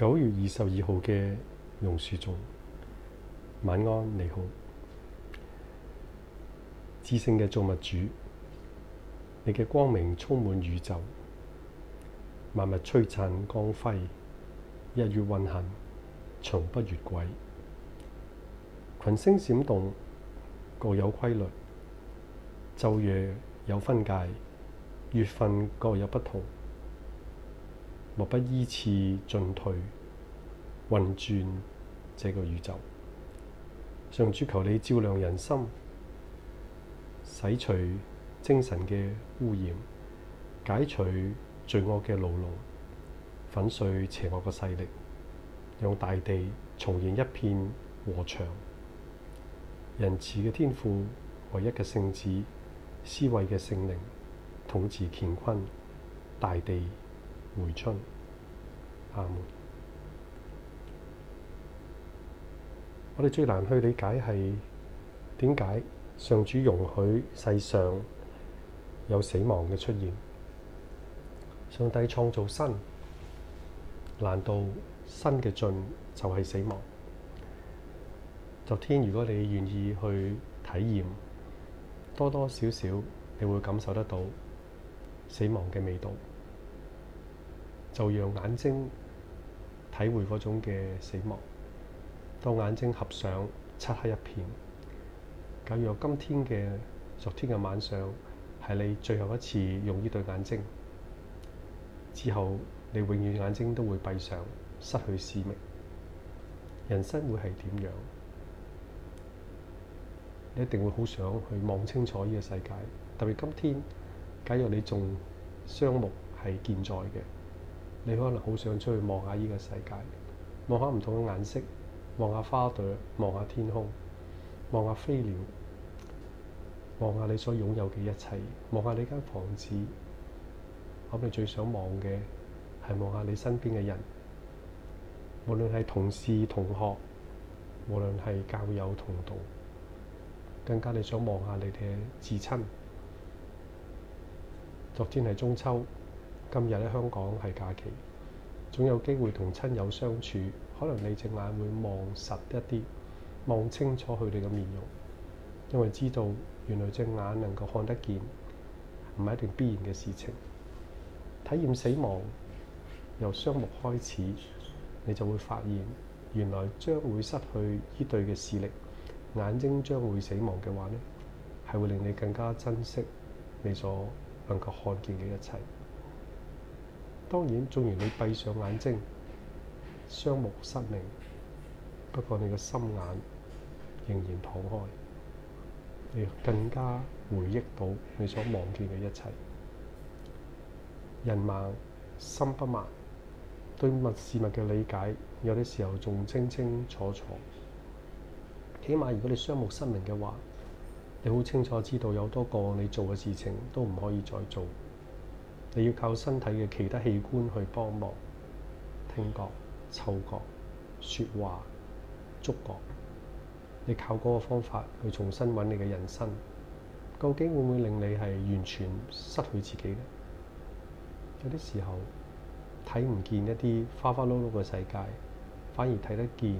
九月二十二號嘅榕樹中，晚安，你好，知性嘅造物主，你嘅光明充滿宇宙，萬物璀璨光輝，日月運行，從不越軌，群星閃動，各有規律，晝夜有分界，月份各有不同。莫不依次進退運轉這個宇宙。上主求你照亮人心，洗除精神嘅污染，解除罪惡嘅牢籠，粉碎邪惡嘅勢力，讓大地重現一片和祥。仁慈嘅天父，唯一嘅聖子，思慧嘅聖靈，統治乾坤大地。回春，阿門。我哋最難去理解係點解上主容許世上有死亡嘅出現。上帝創造新，難道新嘅進就係死亡？昨天如果你願意去體驗，多多少少你會感受得到死亡嘅味道。就讓眼睛體會嗰種嘅死亡。當眼睛合上，漆黑一片。假如今天嘅，昨天嘅晚上係你最後一次用呢對眼睛，之後，你永遠眼睛都會閉上，失去視明。人生會係點樣？你一定會好想去望清楚呢個世界。特別今天，假如你仲雙目係健在嘅。你可能好想出去望下呢個世界，望下唔同嘅顏色，望下花朵，望下天空，望下飛鳥，望下你所擁有嘅一切，望下你間房子。咁你最想望嘅係望下你身邊嘅人，無論係同事同學，無論係教友同道，更加你想望下你嘅至親。昨天係中秋。今日喺香港係假期，總有機會同親友相處。可能你隻眼會望實一啲，望清楚佢哋嘅面容，因為知道原來隻眼能夠看得見，唔係一定必然嘅事情。體驗死亡由雙目開始，你就會發現原來將會失去呢對嘅視力，眼睛將會死亡嘅話，呢係會令你更加珍惜你所能夠看見嘅一切。當然，縱然你閉上眼睛，雙目失明，不過你嘅心眼仍然敞開，你更加回憶到你所忘記嘅一切。人盲，心不盲，對物事物嘅理解有啲時候仲清清楚楚。起碼如果你雙目失明嘅話，你好清楚知道有多個你做嘅事情都唔可以再做。你要靠身體嘅其他器官去幫忙，聽覺、嗅覺、說話、觸覺。你靠嗰個方法去重新揾你嘅人生，究竟會唔會令你係完全失去自己呢？有啲時候，睇唔見一啲花花碌碌嘅世界，反而睇得見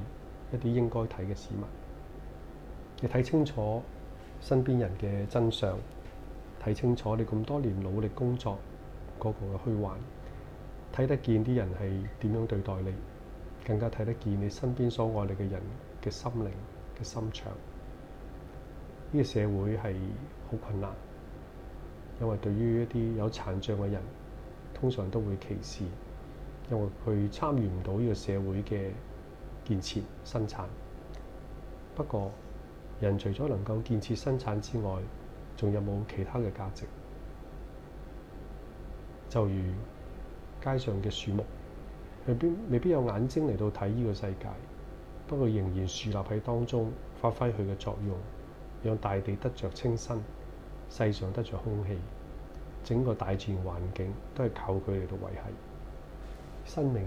一啲應該睇嘅事物。你睇清楚身邊人嘅真相，睇清楚你咁多年努力工作。個個嘅虛幻，睇得見啲人係點樣對待你，更加睇得見你身邊所愛你嘅人嘅心靈嘅心腸。呢個社會係好困難，因為對於一啲有殘障嘅人，通常都會歧視，因為佢參與唔到呢個社會嘅建設生產。不過，人除咗能夠建設生產之外，仲有冇其他嘅價值？就如街上嘅樹木未必，未必有眼睛嚟到睇呢個世界，不過仍然樹立喺當中，發揮佢嘅作用，讓大地得着清新，世上得着空氣，整個大自然環境都係靠佢嚟到維係。生命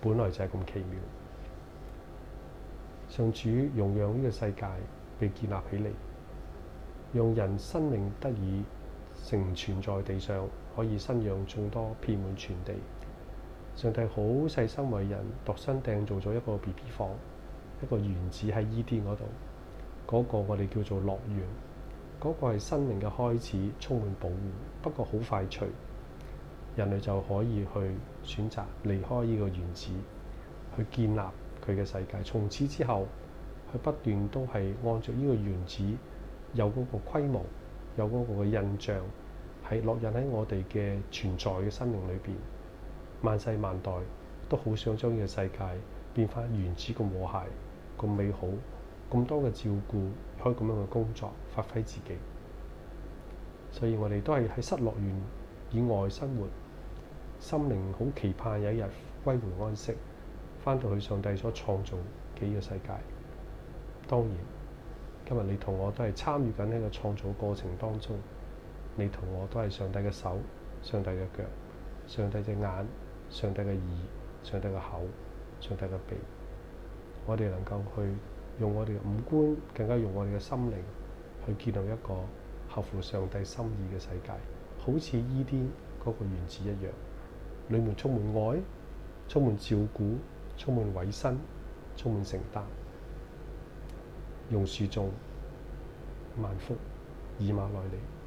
本來就係咁奇妙，上主容養呢個世界，被建立起嚟，讓人生命得以。成存在地上可以生養眾多，遍滿全地。上帝好細心為人度身訂造咗一個 B B 房，一個原子喺伊甸嗰度。嗰個我哋叫做樂園，嗰個係生命嘅開始，充滿保護。不過好快脆，人類就可以去選擇離開呢個原子，去建立佢嘅世界。從此之後，佢不斷都係按照呢個原子有嗰個規模。有嗰個印象係烙印喺我哋嘅存在嘅心靈裏邊，萬世萬代都好想將呢個世界變翻原始咁和諧、咁美好、咁多嘅照顧，可以咁樣嘅工作發揮自己。所以我哋都係喺失樂園以外生活，心靈好期盼有一日歸回安息，翻到去上帝所創造嘅呢個世界。當然。今日你同我都係參與緊呢個創造過程當中，你同我都係上帝嘅手、上帝嘅腳、上帝隻眼、上帝嘅耳、上帝嘅口、上帝嘅鼻。我哋能夠去用我哋嘅五官，更加用我哋嘅心靈去建立一個合乎上帝心意嘅世界，好似伊甸嗰個園子一樣，裡面充滿愛、充滿照顧、充滿委身、充滿承擔。用樹做萬福，以馬內利。